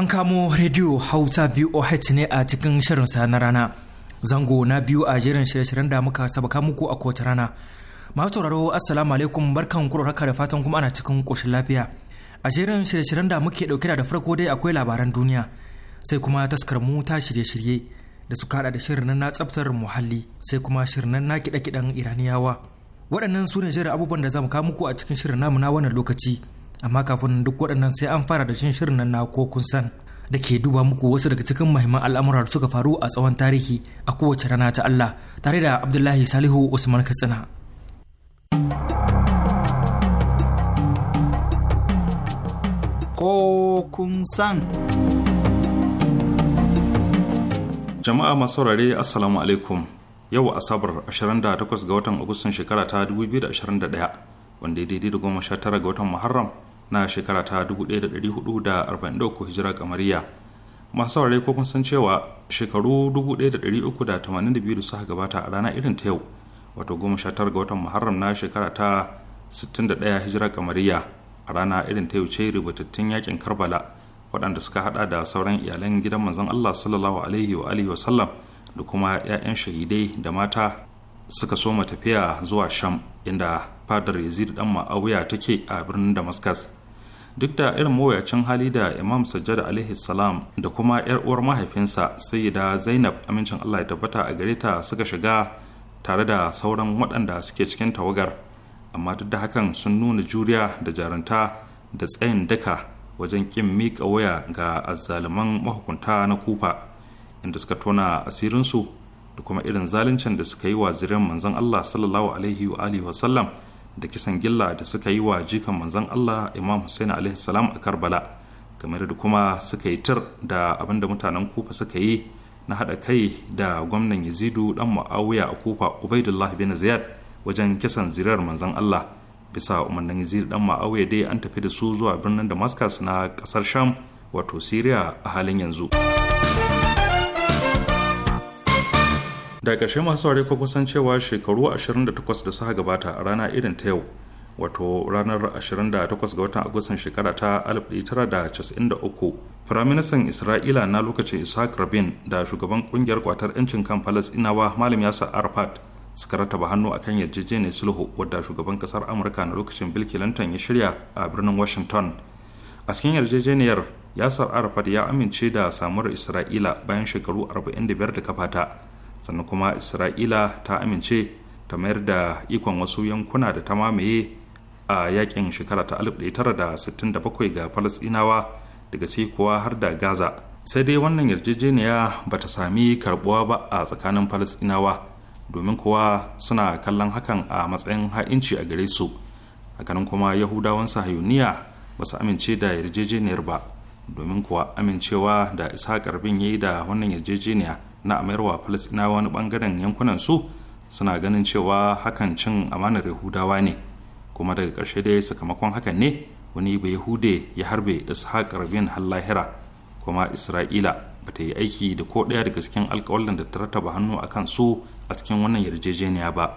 An kamo rediyo Hausa VOH ne a cikin shirinsa na rana. Zango na biyu a jerin shirye-shiryen da muka sabaka muku a kowace rana. Masu sauraro Assalamu alaikum barkan kuro da fatan kuma ana cikin ƙoshin lafiya. A jerin shirye-shiryen da muke ɗauke da farko dai akwai labaran duniya sai kuma taskar mu ta shirye-shirye da su kaɗa da shirin na tsaftar muhalli sai kuma shirin na kiɗe-kiɗen Iraniyawa. Waɗannan su ne jerin abubuwan da za mu kawo muku a cikin shirin namu na wannan lokaci. amma kafin duk waɗannan sai an fara da shin shirin nan na ko kun san da ke duba muku wasu daga cikin mahimman al'amura da suka faru a tsawon tarihi a kowace rana ta Allah tare da Abdullahi Salihu Usman Katsina. Ko kun san. Jama'a masu saurare Assalamu alaikum yau Asabar 28 ga watan Agustan shekara ta 2021 wanda ya daidai da 19 ga watan Muharram na shekara ta 1443 hijira kamariya masu saurare ko kun san cewa shekaru 1382 da suka gabata a rana irin ta yau wato 19 ga watan muharram na shekara ta 61 hijira kamariya a rana irin ta yau ce rubutattun yakin karbala waɗanda suka hada da sauran iyalan gidan manzon allah sallallahu alaihi wa alihi wasallam da kuma 'ya'yan shahidai da mata suka soma tafiya zuwa sham inda fadar yazid dan ma'auya take a birnin damascus duk da irin mawuyacin hali da imam sajjada alaihi salam da kuma yar uwar mahaifinsa sai sayyida zainab amincin allah ya tabbata a gare ta suka shiga tare da sauran waɗanda suke cikin tawagar amma duk da hakan sun nuna juriya da jarunta da tsayin daka wajen ƙin miƙa waya ga azzaluman mahukunta na kufa inda suka tona asirinsu da kuma irin zaluncin da suka yi wa zirin manzon allah sallallahu alaihi wa wa sallam da kisan gilla da suka yi wa jikan manzon Allah Imam Hussein alaihi salam a Karbala kamar da kuma suka yi tir da abin da mutanen Kufa suka yi na hada kai da gwamnan Yazidu dan Muawiya a Kufa Ubaidullah bin Ziyad wajen kisan zirar manzon Allah bisa umarnin yazidu dan Muawiya dai an tafi da su zuwa birnin Damascus na kasar Sham wato Syria a halin yanzu. da ƙarshe masu saurari ko kusan cewa shekaru 28 da suka gabata a rana irin ta yau wato ranar 28 ga watan agustan shekara ta 1993 firaministan isra'ila na lokacin Isaac rabin da shugaban kungiyar kwatar 'yancin kan inawa malam yasa arfat suka rataba hannu a kan yarjejeniyar sulhu wadda shugaban kasar amurka na lokacin bill ya shirya a birnin washington a cikin yarjejeniyar yasar arafat ya amince da samuwar isra'ila bayan shekaru 45 da kafata sannan kuma isra'ila ta amince ta mayar da ikon wasu yankuna da ta mamaye a yakin shekara ta 1967 ga falasɗinawa daga kuwa har da gaza sai dai wannan yarjejeniya ba ta sami karbuwa ba a tsakanin falasɗinawa domin kuwa suna kallon hakan a matsayin ha'inci a gare su hakanan kuma yahudawan sahayuniya ba su amince da yarjejeniyar ba domin kuwa amincewa da isa karbin ya yi da wannan yarjejeniya na amayarwa falasɗinawa wani bangaren yankunan su suna ganin cewa hakan cin amanar yahudawa ne kuma daga ƙarshe dai sakamakon hakan ne wani bai yahude ya harbe ishaq rabin hallahira kuma isra'ila ba ta yi aiki da ko ɗaya daga cikin alkawalin da ta rataba hannu a kan su a cikin wannan yarjejeniya ba.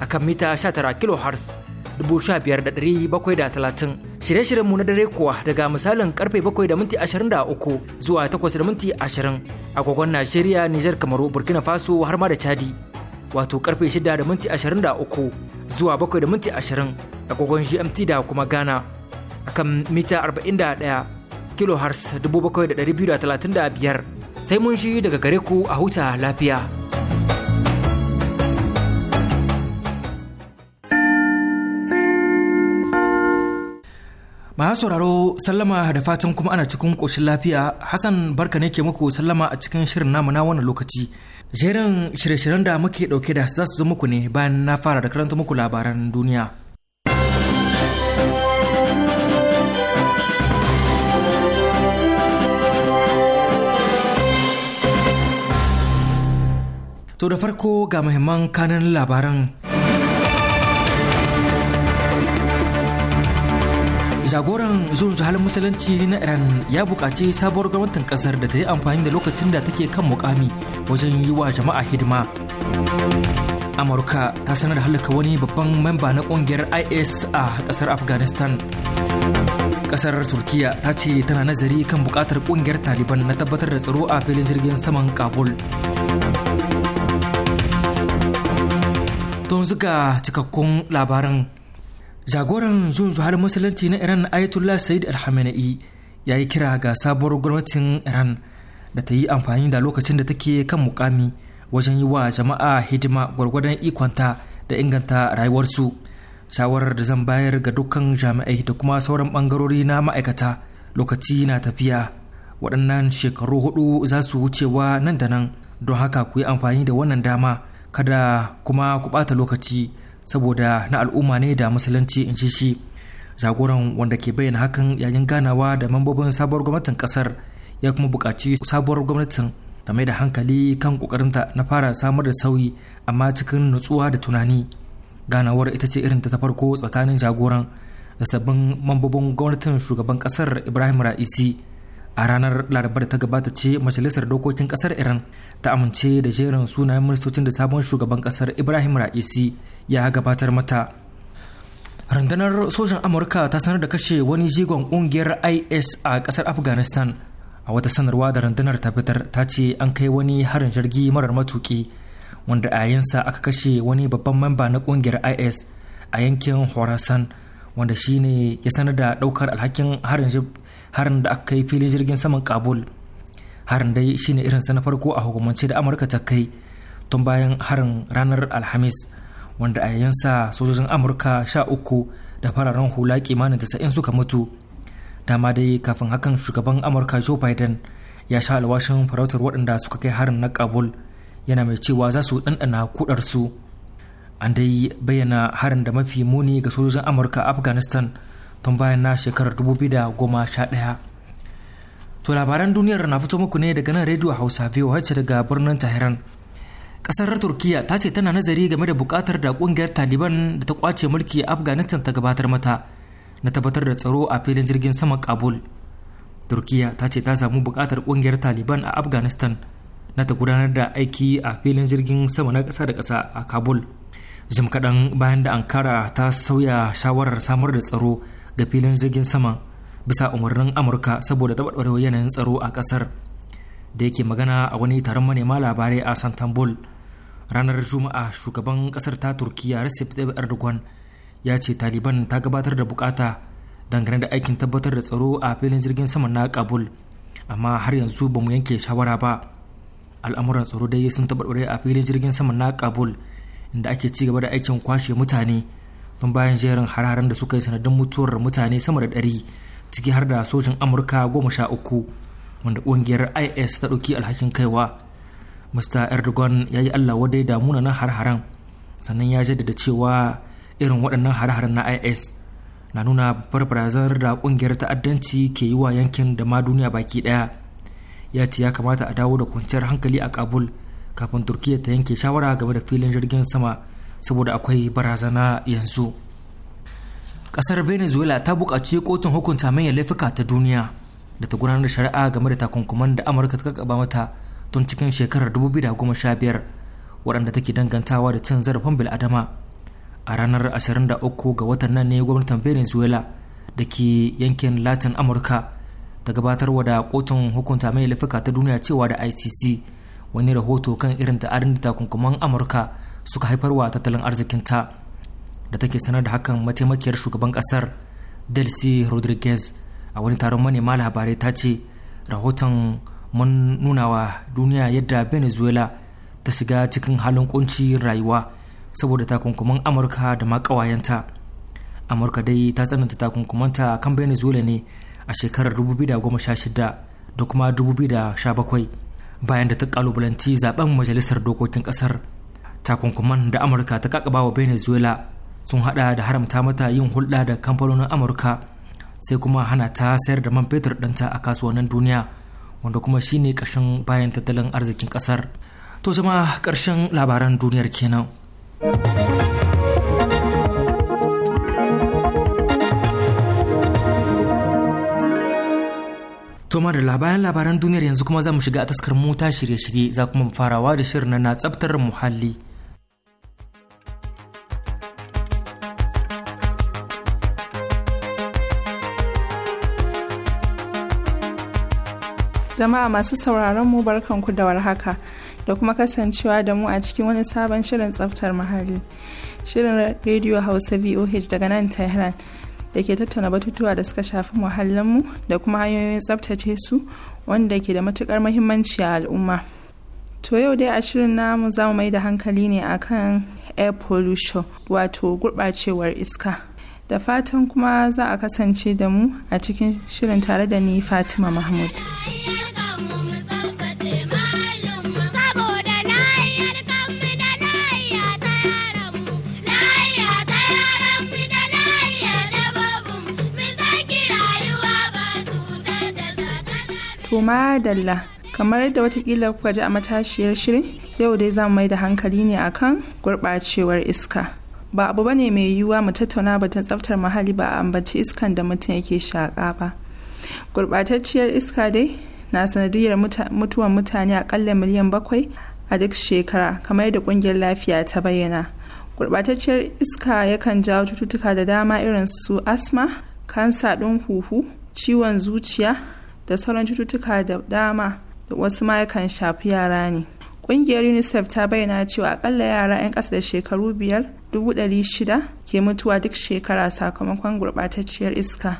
a kan mita 19 kHz 15,730 shirye-shiryenmu na dare kuwa daga misalin karfe 7:23 da minti zuwa 8:20 da minti 20 agogon Najeriya, Nijar, Kamaru, Burkina Faso har ma da Chadi. Wato karfe 6:23 da zuwa 7:20 da minti agogon GMT da kuma Ghana. kan mita 41 kHz 7,235 sai mun shi daga gare ku a huta lafiya. Masu sauraro sallama da fatan kuma ana cikin ƙoshin lafiya Hassan barka ne ke muku sallama a cikin shirin namu na wannan lokaci. Jerin shirye-shiryen da muke ɗauke da za su zo muku ne bayan na fara da karanta muku labaran duniya. To da farko ga muhimman kanan labaran jagoran zuwan halin musulunci na iran ya buƙaci sabuwar gwamnatin ƙasar da ta yi amfani da lokacin da take kan mukami wajen yi wa jama'a hidima amurka ta sanar da halaka wani babban memba na ƙungiyar is a ƙasar afghanistan ƙasar turkiya ta ce tana nazari kan buƙatar ƙungiyar taliban na tabbatar da tsaro a filin jirgin saman kabul don zuga cikakkun labaran jagoran jun har musulunci na iran ayatollah said alhamenei ya yi kira ga sabuwar gwamnatin iran da ta yi amfani da lokacin da take kan mukami wajen yi wa jama'a hidima gwargwadon ikonta da inganta rayuwarsu shawarar da zan bayar ga dukkan jami'ai da kuma sauran bangarori na ma'aikata lokaci na tafiya waɗannan shekaru hudu za su wucewa nan da nan don haka ku yi amfani da wannan dama kada kuma ku ɓata lokaci saboda na al'umma ne da musulunci in shi jagoran wanda ke bayyana hakan yayin ganawa da mambobin sabuwar gwamnatin kasar ya kuma buƙaci sabuwar gwamnatin ta mai da hankali kan ƙoƙarinta na fara samar da sauyi amma cikin nutsuwa da tunani ganawar ita ce irin ta farko tsakanin jagoran da sabbin mambobin gwamnatin shugaban kasar ibrahim ra'isi a ranar larabar ta gabata ce majalisar dokokin kasar iran ta amince da jerin sunayen ministocin da sabon shugaban kasar ibrahim ra'isi ya gabatar mata rundunar sojan amurka ta sanar da kashe wani jigon kungiyar is a kasar afghanistan a wata sanarwa da rundunar ta fitar ta ce an kai wani harin jirgi marar matuki wanda a yayinsa aka kashe wani babban memba na kungiyar is a yankin horasan wanda shine ya sanar da daukar alhakin harin harin da aka yi fili jirgin saman kabul harin dai shine irinsa na farko a hukumance da amurka ta kai tun bayan harin ranar alhamis wanda a yayinsa sojojin amurka sha uku da fararen hula kimanin tasa'in suka mutu dama dai kafin hakan shugaban amurka joe biden ya sha alwashin farautar waɗanda suka kai harin na kabul yana mai cewa za su ɗanɗana kudarsu an dai bayyana harin da mafi muni ga sojojin amurka a afghanistan tun bayan na shekarar 2011 To labaran duniyar na fito muku ne daga nan rediyo Hausa VOH daga birnin tahiran Kasar turkiyya ta ce tana nazari game da bukatar da kungiyar Taliban da ta kwace mulki a Afghanistan ta gabatar mata na tabbatar da tsaro a filin jirgin sama Kabul. turkiyya ta ce ta samu bukatar kungiyar Taliban a Afghanistan na ta gudanar da aiki a filin jirgin sama na kasa da kasa a Kabul. jim kaɗan bayan da ankara ta sauya shawarar samar da tsaro ga filin jirgin sama bisa umarnin amurka saboda taɓarɓarewar yanayin tsaro a ƙasar da yake magana a wani taron manema labarai a santambul ranar juma'a shugaban ƙasar ta turkiya recep tayyip erdogan ya ce taliban ta gabatar da bukata dangane da aikin tabbatar da tsaro a filin jirgin saman na kabul amma har yanzu ba mu yanke shawara ba al'amuran tsaro dai sun taɓarɓare a filin jirgin saman na kabul inda ake ci gaba da aikin kwashe mutane don bayan jerin hararen da suka yi sanadin mutuwar mutane sama da ɗari ciki har da sojin amurka goma sha uku wanda ƙungiyar is ta ɗauki alhakin kaiwa mr erdogan ya yi allah wadai da munanan har sannan ya jaddada cewa irin waɗannan har na is na nuna babbar barazanar da ƙungiyar ta'addanci ke yi wa yankin da ma duniya baki ɗaya ya ce ya kamata a dawo da kwanciyar hankali a kabul kafin turkiya ta yanke shawara game da filin jirgin sama saboda akwai barazana yanzu kasar venezuela ta bukaci kotun hukunta manyan laifuka ta duniya da ta gudanar da shari'a game da takunkuman da amurka ta kaba mata tun cikin shekarar 2015 waɗanda take dangantawa da cin zarafin bil'adama a ranar 23 ga watan nan ne gwamnatin venezuela da ke yankin latin amurka ta gabatarwa da kotun hukunta mai laifuka ta duniya cewa da icc wani rahoto kan irin ta'adin da takunkuman amurka suka haifarwa tattalin arzikinta da take sanar da hakan mataimakiyar shugaban kasar delcy rodriguez a wani taron manema labarai ta ce rahoton mun nunawa duniya yadda venezuela ta shiga cikin halin kunci rayuwa saboda takunkuman amurka da makawayenta amurka dai ta tsananta takunkumanta kan venezuela ne a shekarar 2016 da kuma 2017 bayan da ta kalubalanci zaben majalisar dokokin kasar takunkuman da amurka ta kakaba wa venezuela sun hada da haramta mata yin hulɗa da kamfanonin amurka sai kuma hana ta sayar da man fetur ɗinta a kasuwannin duniya wanda kuma shine ƙashin bayan tattalin arzikin ƙasar to zama ƙarshen labaran duniyar kenan. To da bayan labaran duniyar yanzu kuma za mu shiga a taskar mota shirye-shirye za kuma farawa da shirin na tsabtar muhalli. Jama'a masu sauraron mu barkanku da warhaka da kuma kasancewa da mu a cikin wani sabon shirin tsabtar muhalli. Shirin rediyo Hausa VOH daga nan Tehran. da ke tattauna batutuwa da suka shafi muhallinmu da kuma hanyoyin tsabtace su wanda ke da matukar muhimmanci a al'umma. To yau dai a shirin namu za mu mai da hankali ne akan air pollution wato gurɓacewar iska. Da fatan kuma za a kasance da mu a cikin shirin tare da ni Fatima Mahmud. ma dalla kamar yadda watakila kuka ji a matashiyar shirin yau dai za mu mai da hankali ne akan gurɓacewar iska. Ba abu bane mai yiwuwa mu tattauna batun tsaftar muhalli ba a ambaci iskan da mutum yake shaƙa ba. Gurɓatacciyar iska dai na sanadiyar mutuwan mutane akalla miliyan bakwai a duk shekara kamar yadda ƙungiyar lafiya ta bayyana. Gurɓatacciyar iska yakan jawo cututtuka da dama irin su asma, kansa ɗin huhu, ciwon zuciya, da sauran cututtuka da dama da wasu ma yakan shafi yara ne ƙungiyar unicef ta bayyana cewa akalla yara 'yan ƙasa da shekaru biyar dubu ɗari shida ke mutuwa duk shekara sakamakon gurɓatacciyar iska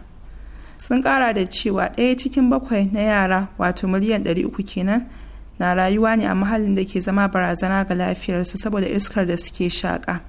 sun ƙara da cewa ɗaya cikin bakwai na yara wato miliyan ɗari uku kenan na rayuwa ne a mahallin da ke zama barazana ga lafiyarsu saboda iskar da suke shaƙa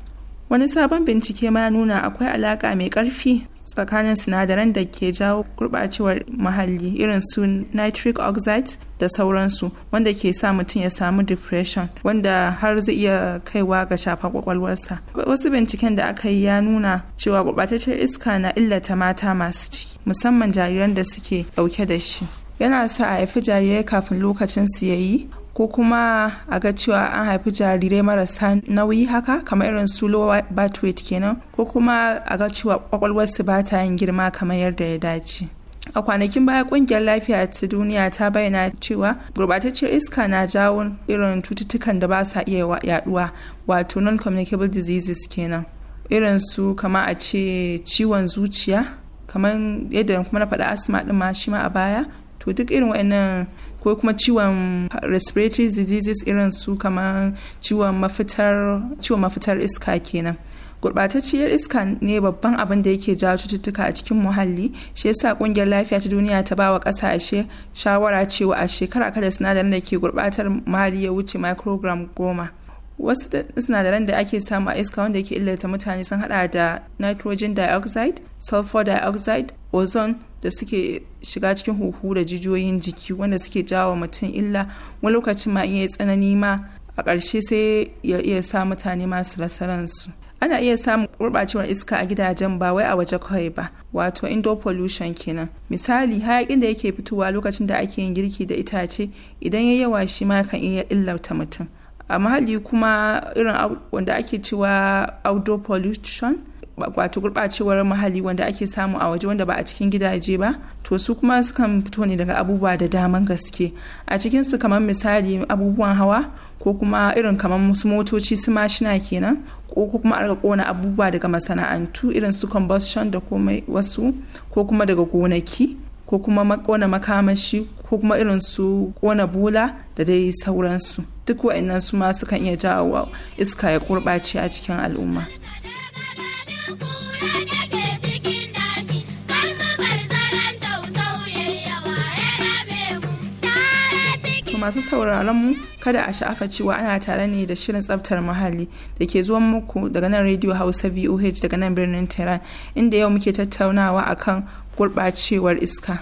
wani sabon bincike ma nuna akwai alaƙa mai ƙarfi tsakanin sinadaran da ke jawo gurɓacewar muhalli irin su nitric oxide da sauransu wanda ke sa mutum ya samu depression wanda har zai iya kaiwa ga shafa kwakwalwarsa wasu binciken da aka yi ya nuna cewa gurɓataccen iska na illata mata masu ciki musamman jariran da suke ɗauke da shi yana sa a haifi jarirai kafin lokacin su yayi ko kuma a ga cewa an haifi jarirai marasa nauyi haka kamar irin su low birth weight kenan ko kuma a ga cewa kwakwalwarsu ba ta yin girma kamar yadda ya dace a kwanakin baya kungiyar lafiya ta duniya ta bayyana cewa gurbatacciyar iska na jawo irin cututtukan da ba sa iya yaduwa wato non-communicable diseases kenan irin su kama a ce ciwon zuciya kamar yadda kuma na faɗa asma ɗin ma shi ma a baya to duk irin wa'annan ko kuma ciwon respiratory diseases irin su kamar ciwon mafitar iska kenan gurɓatacciyar iska ne babban abin da yake jawo cututtuka a cikin muhalli shi yasa kungiyar lafiya ta duniya ta ba wa ƙasashe shawara cewa a shekara kada sinadarin da ke gurɓatar muhalli ya wuce microgram goma wasu sinadaran da ake samu a iska wanda ke illata mutane sun hada da nitrogen dioxide sulfur dioxide ozone da suke shiga cikin huhu da jijiyoyin jiki wanda suke jawo mutum illa wani lokacin ma in tsanani ma a ƙarshe sai ya iya sa mutane masu rasa ransu ana iya samun gurɓacewar iska a gidajen ba wai a waje kawai ba wato indoor pollution kenan misali hayakin da yake fitowa lokacin da ake yin girki da itace idan ya yawa shi ma kan iya illata mutum a mahalli kuma irin wanda ake cewa outdoor pollution wato gurɓacewar muhalli wanda ake samu a waje wanda ba a cikin gidaje ba to su kuma sukan fito ne daga abubuwa da daman gaske a cikin su kamar misali abubuwan hawa ko kuma irin kamar su motoci su mashina kenan ko kuma a kona abubuwa daga masana'antu irin su combustion da komai wasu ko kuma daga gonaki ko kuma kona makamashi ko kuma irin su kona bola da dai sauransu duk wa'annan su ma sukan iya jawo iska ya gurɓace a cikin al'umma masu sauraron mu kada a sha'afa cewa ana tare ne da shirin tsaftar muhalli da ke zuwan muku daga nan radio hausa voh daga nan birnin tehran inda yau muke tattaunawa akan gurɓacewar iska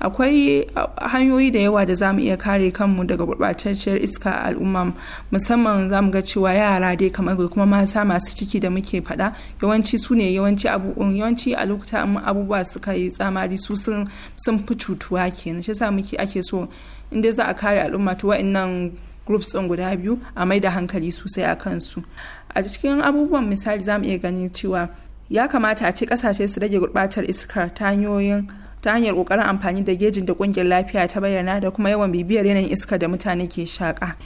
akwai hanyoyi da yawa da za mu iya kare kanmu daga gurɓatacciyar iska a al'umma musamman za mu ga cewa yara dai kamar kuma mata masu ciki da muke faɗa yawanci su ne yawanci yawanci a lokuta abubuwa suka yi tsamari su sun fi cutuwa kenan shi sa muke ake so inda za a kare al'umma to wa'annan groups ɗin guda biyu a mai da hankali sosai a kansu a cikin abubuwan misali za mu iya ganin cewa ya kamata a ce kasashe su rage gurɓatar iska ta hanyoyin ta hanyar kokarin amfani da gejin da kungiyar lafiya ta bayyana da kuma yawan bibiyar yanayin iska da mutane ke shaka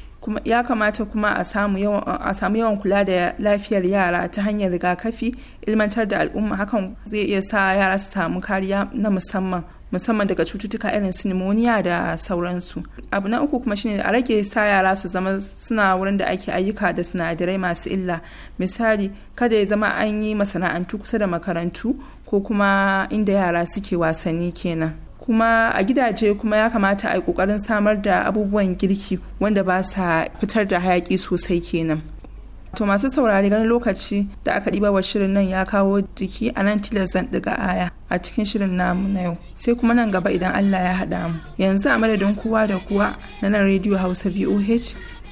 ya kamata kuma a samu yawan kula da lafiyar yara ta hanyar rigakafi ilmantar da al'umma hakan zai iya sa yara su samu kariya na musamman musamman daga cututtuka irin sinimoniya da sauransu abu na uku kuma shine a rage sa yara su zama suna wurin da ake ayyuka da sinadarai masu illa misali kada ya zama an yi masana'antu kusa da makarantu ko kuma inda yara suke wasanni kenan kuma a gidaje kuma ya kamata a yi kokarin samar da abubuwan girki wanda ba sa fitar da hayaki sosai kenan to masu saurari ganin lokaci da aka ɗiba wa shirin nan ya kawo jiki a nan tilazan daga aya a cikin shirin namu na yau sai kuma nan gaba idan allah ya haɗa mu yanzu a madadin kowa da kuwa na nan rediyo hausa voh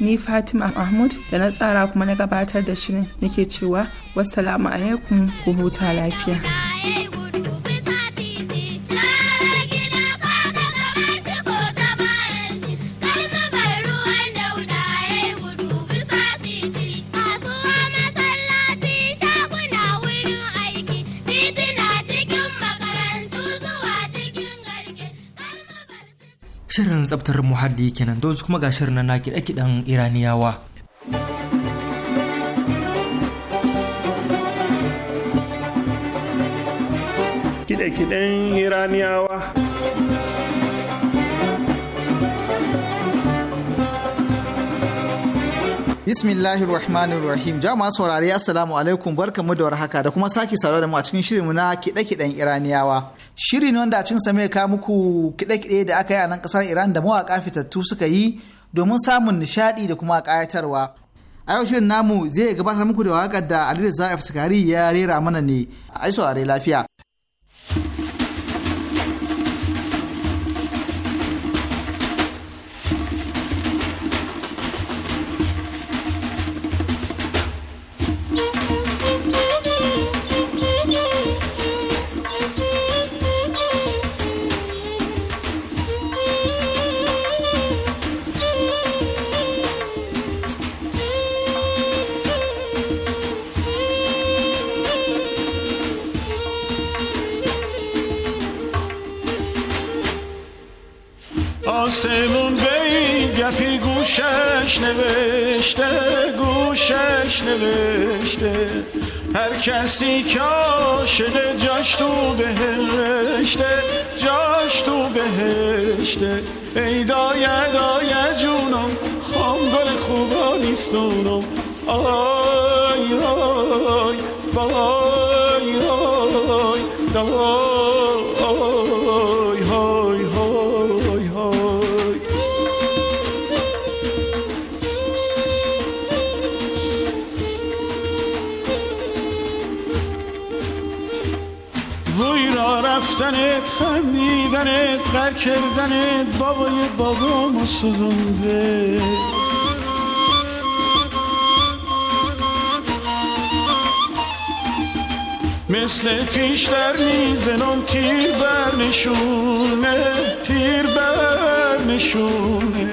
ni fatima mahmud da na tsara kuma na gabatar da shirin nake cewa wassalamu alaikum ku huta lafiya Shirin tsabtar muhalli kenan dozu kuma ga shirin na kiɗe kiɗan Iraniyawa. kiɗe kiɗan Iraniyawa. Bismillahir Rahmanir Rahim. Jama'a saurare Assalamu alaikum barkamu da warhaka da kuma sake saurare mu a cikin shirinmu na kiɗe-kiɗen Iraniyawa. shiri ne wanda a cin same ka muku kiɗe-kiɗe da aka yi a nan kasar iran da mawaƙa fitattu suka yi domin samun nishaɗi da kuma ƙayatarwa a yau shirin namu zai gabatar muku da waƙar da aliyu za'af sikari ya rera mana ne a saurare lafiya نوشته گوشش نوشته هر کسی که جاش تو بهشته جاش تو بهشته ای دای دای جونم خام گل خوبا نیستونم آی آی آی دای هم خندیدنت خر کردنت بابای ما سوزونده مثل پیش در میزنم تیر بر نشونه تیر بر نشونه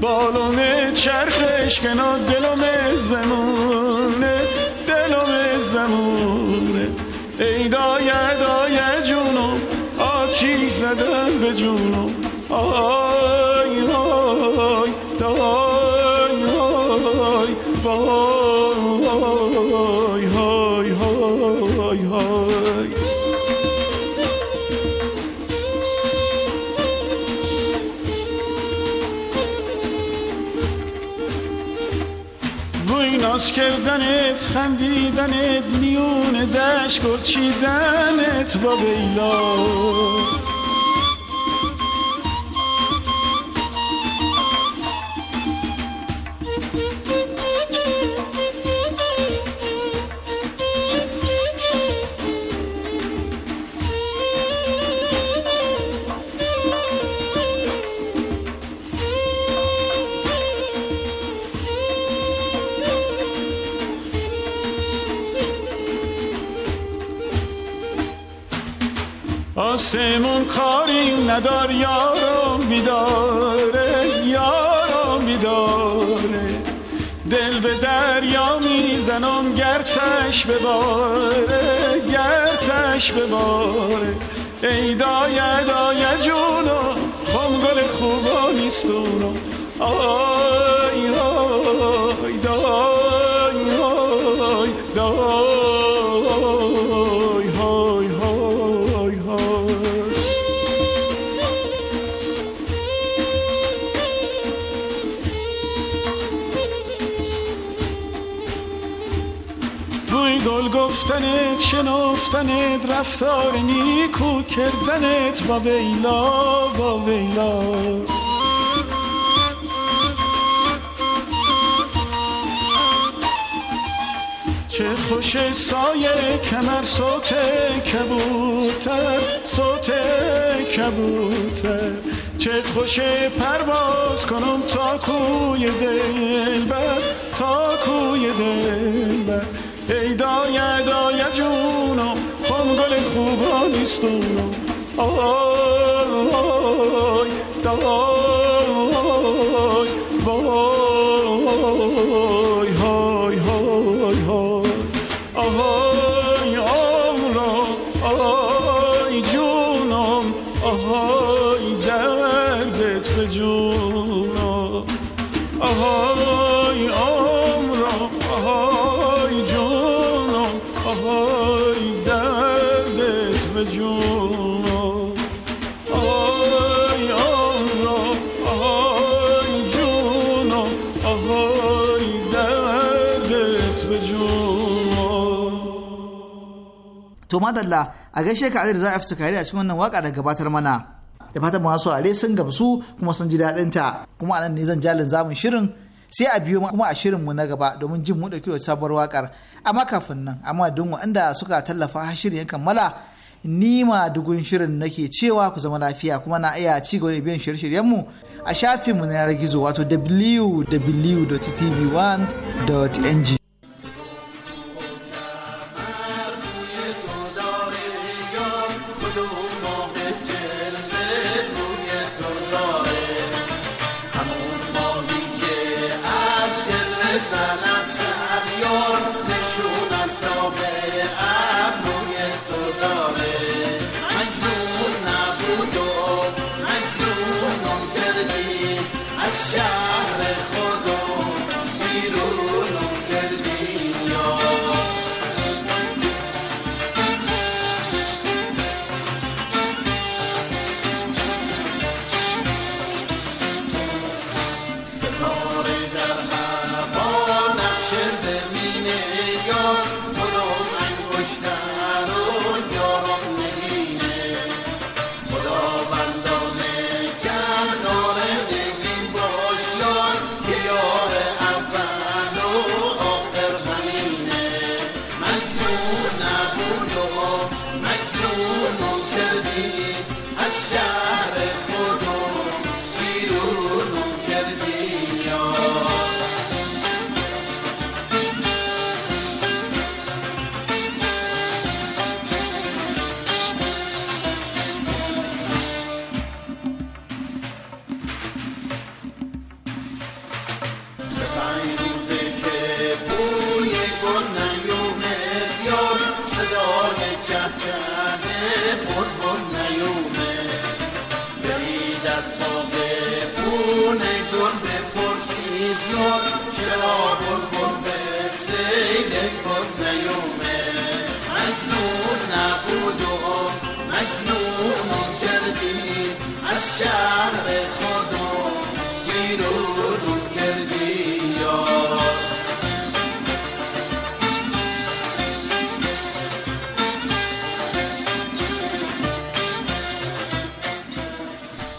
بالوم چرخش کناد دلم زمونه دلم زمونه ای دایه زدن به جونم آی آی دای آی وای های های های ناز کردنت خندیدنت میون دشت گل چیدنت با بیلاد تش بباره گر تش بباره ای دای دای جونا خم گل خوبا نیستونو آه شناختنت شنفتنت رفتار نیکو کردنت با ویلا با ویلا چه خوش سایه کمر سوت کبوتر صوت کبوتر چه خوش پرواز کنم تا کوی دل بر تا کوی دل Oh, oh, Oh, oh, oh, oh, oh, oh, oh. madalla a gaishe ka za a fi a cikin wannan waka da gabatar mana. Da fatan masu are sun gamsu kuma sun ji daɗin ta kuma anan ne zan jalin zamun shirin sai a biyo kuma a shirin mu na gaba domin jin mu dauki sabuwar wakar amma kafin nan amma don waɗanda suka tallafa shirin yankan mala ni ma dugun shirin nake cewa ku zama lafiya kuma na iya ci gaba da biyan shirye shiryen mu a shafin mu na yanar gizo wato www.tv1.ng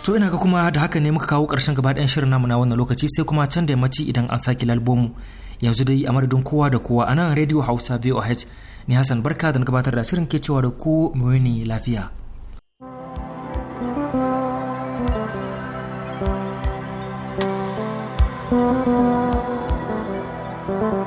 To ina ga kuma da haka ne muka kawo ƙarshen gaba ɗayan shirin namu na wannan lokaci sai kuma can da yammaci idan an sake lalbomu. Yanzu dai a madadin kowa da kowa a nan Radio Hausa VOH ne Hassan Barka da na gabatar da shirin ke cewa da ku mu lafiya. thank you